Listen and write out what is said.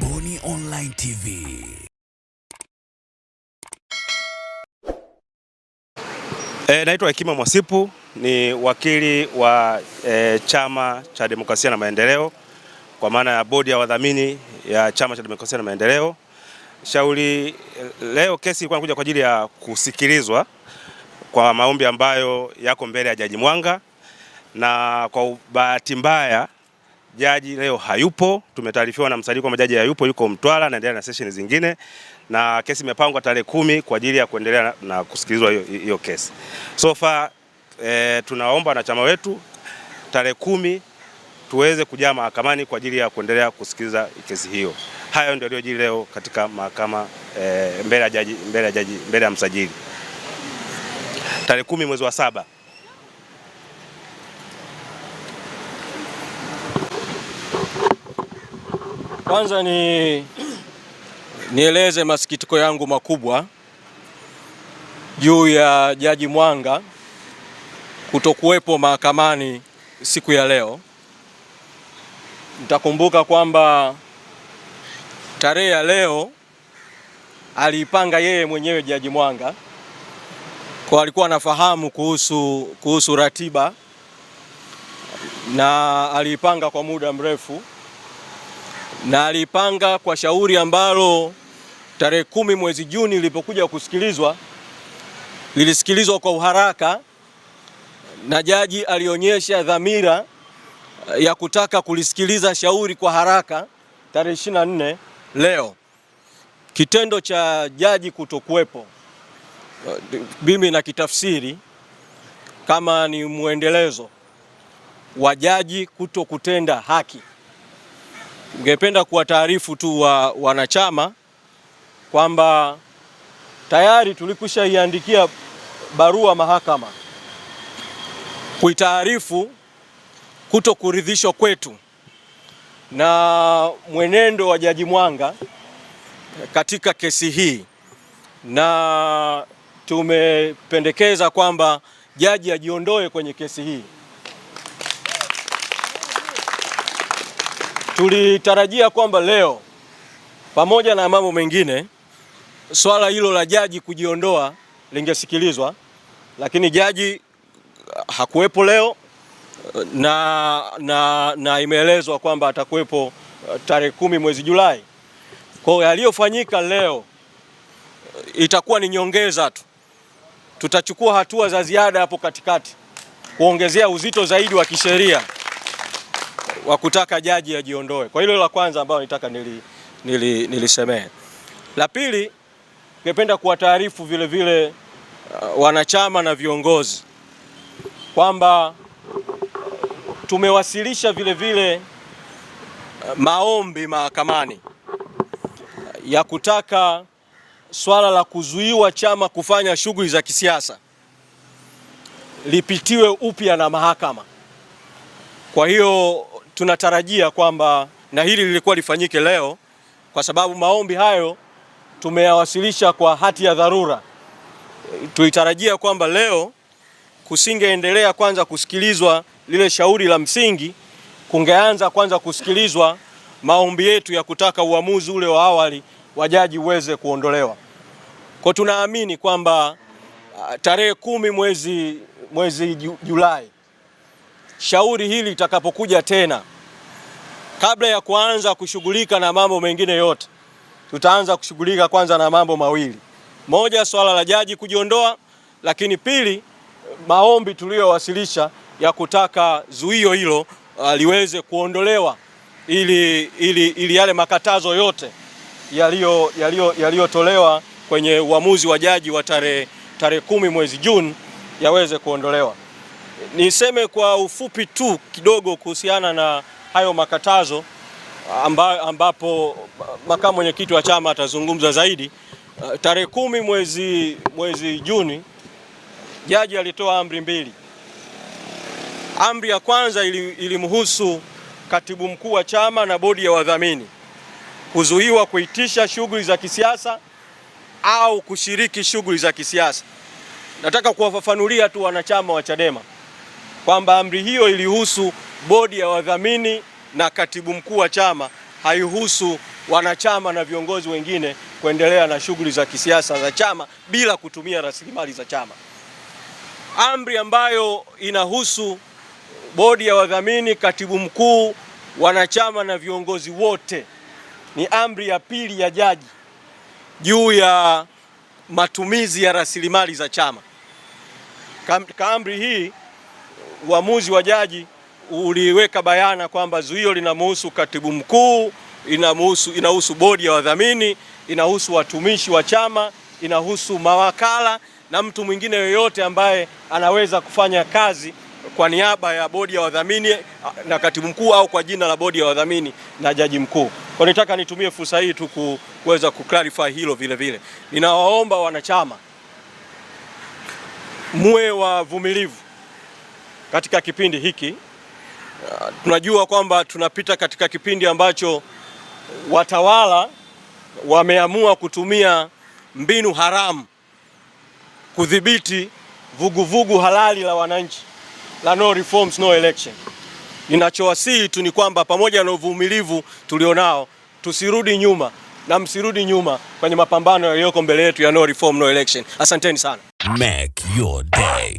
Billy Online TV. E, eh, naitwa Hekima Mwasipu ni wakili wa e, Chama cha Demokrasia na Maendeleo kwa maana ya bodi ya wadhamini ya Chama cha Demokrasia na Maendeleo. Shauri eh, leo kesi ilikuwa inakuja kwa ajili ya kusikilizwa kwa maombi ambayo yako mbele ya Jaji Mwanga na kwa bahati mbaya Jaji leo hayupo, tumetaarifiwa na msajili kwamba jaji hayupo, yuko Mtwara anaendelea na session zingine, na kesi imepangwa tarehe kumi kwa ajili ya kuendelea na, na kusikilizwa hiyo kesi. So far e, tunaomba wanachama wetu tarehe kumi tuweze kujaa mahakamani kwa ajili ya kuendelea kusikiliza kesi hiyo. Hayo ndio yaliyojiri leo katika mahakama e, mbele ya jaji, mbele ya jaji, mbele ya msajili tarehe kumi mwezi wa saba. Kwanza ni nieleze masikitiko yangu makubwa juu ya Jaji Mwanga kutokuwepo mahakamani siku ya leo. Mtakumbuka kwamba tarehe ya leo aliipanga yeye mwenyewe Jaji Mwanga, kwa alikuwa anafahamu kuhusu, kuhusu ratiba na aliipanga kwa muda mrefu na alipanga kwa shauri ambalo tarehe kumi mwezi Juni lilipokuja kusikilizwa lilisikilizwa kwa uharaka na jaji alionyesha dhamira eh, ya kutaka kulisikiliza shauri kwa haraka tarehe 24 leo. Kitendo cha jaji kutokuwepo eh, mimi na kitafsiri kama ni mwendelezo wa jaji kuto kutenda haki. Ningependa kuwataarifu tu wa wanachama kwamba tayari tulikwisha iandikia barua mahakama kuitaarifu kuto kuridhishwa kwetu na mwenendo wa Jaji Mwanga katika kesi hii, na tumependekeza kwamba jaji ajiondoe kwenye kesi hii. Tulitarajia kwamba leo pamoja na mambo mengine swala hilo la jaji kujiondoa lingesikilizwa, lakini jaji uh, hakuwepo leo uh, na, na, na imeelezwa kwamba atakuwepo uh, tarehe kumi mwezi Julai. Kwa hiyo yaliyofanyika leo itakuwa ni nyongeza tu, tutachukua hatua za ziada hapo katikati kuongezea uzito zaidi wa kisheria wa kutaka jaji ajiondoe. Kwa hilo la kwanza ambayo nitaka nili, nili, nilisemee. La pili, ningependa kuwataarifu vile vile uh, wanachama na viongozi kwamba tumewasilisha vile vile uh, maombi mahakamani uh, ya kutaka swala la kuzuiwa chama kufanya shughuli za kisiasa lipitiwe upya na mahakama. Kwa hiyo tunatarajia kwamba na hili lilikuwa lifanyike leo, kwa sababu maombi hayo tumeyawasilisha kwa hati ya dharura. Tulitarajia kwamba leo kusingeendelea kwanza kusikilizwa lile shauri la msingi, kungeanza kwanza kusikilizwa maombi yetu ya kutaka uamuzi ule wa awali wa jaji uweze kuondolewa. Kwa tunaamini kwamba ah, tarehe kumi mwezi, mwezi Julai shauri hili litakapokuja tena, kabla ya kuanza kushughulika na mambo mengine yote, tutaanza kushughulika kwanza na mambo mawili: moja, swala la jaji kujiondoa, lakini pili, maombi tuliyowasilisha ya kutaka zuio hilo uh, liweze kuondolewa ili, ili, ili yale makatazo yote yaliyotolewa kwenye uamuzi wa jaji wa tarehe tarehe kumi mwezi Juni yaweze kuondolewa. Niseme kwa ufupi tu kidogo kuhusiana na hayo makatazo amba, ambapo makamu mwenyekiti wa chama atazungumza zaidi. Uh, tarehe kumi mwezi, mwezi Juni jaji alitoa amri mbili. Amri ya kwanza ilimhusu katibu mkuu wa chama na bodi ya wadhamini kuzuiwa kuitisha shughuli za kisiasa au kushiriki shughuli za kisiasa. Nataka kuwafafanulia tu wanachama wa Chadema kwamba amri hiyo ilihusu bodi ya wadhamini na katibu mkuu wa chama, haihusu wanachama na viongozi wengine kuendelea na shughuli za kisiasa za chama bila kutumia rasilimali za chama. Amri ambayo inahusu bodi ya wadhamini, katibu mkuu, wanachama na viongozi wote ni amri ya pili ya jaji juu ya matumizi ya rasilimali za chama. Kaamri hii uamuzi wa jaji uliweka bayana kwamba zuio linamhusu katibu mkuu, inahusu inahusu bodi ya wadhamini, inahusu watumishi wa chama, inahusu mawakala na mtu mwingine yoyote ambaye anaweza kufanya kazi kwa niaba ya bodi ya wadhamini na katibu mkuu au kwa jina la bodi ya wadhamini na jaji mkuu. Kwa nitaka nitumie fursa hii tu kuweza clarify hilo vile vile. Ninawaomba wanachama muwe wavumilivu katika kipindi hiki. Uh, tunajua kwamba tunapita katika kipindi ambacho watawala wameamua kutumia mbinu haramu kudhibiti vuguvugu halali la wananchi la no reforms no election. Ninachowasihi tu ni kwamba pamoja na uvumilivu tulionao, tusirudi nyuma na msirudi nyuma kwenye mapambano yaliyoko mbele yetu ya no reform no election. Asanteni sana. Make your day.